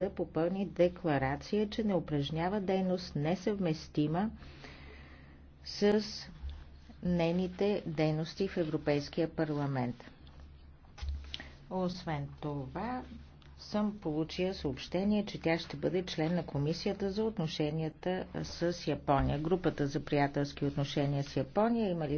да попълни декларация, че не упражнява дейност несъвместима с нейните дейности в Европейския парламент. Освен това, съм получила съобщение, че тя ще бъде член на Комисията за отношенията с Япония. Групата за приятелски отношения с Япония има ли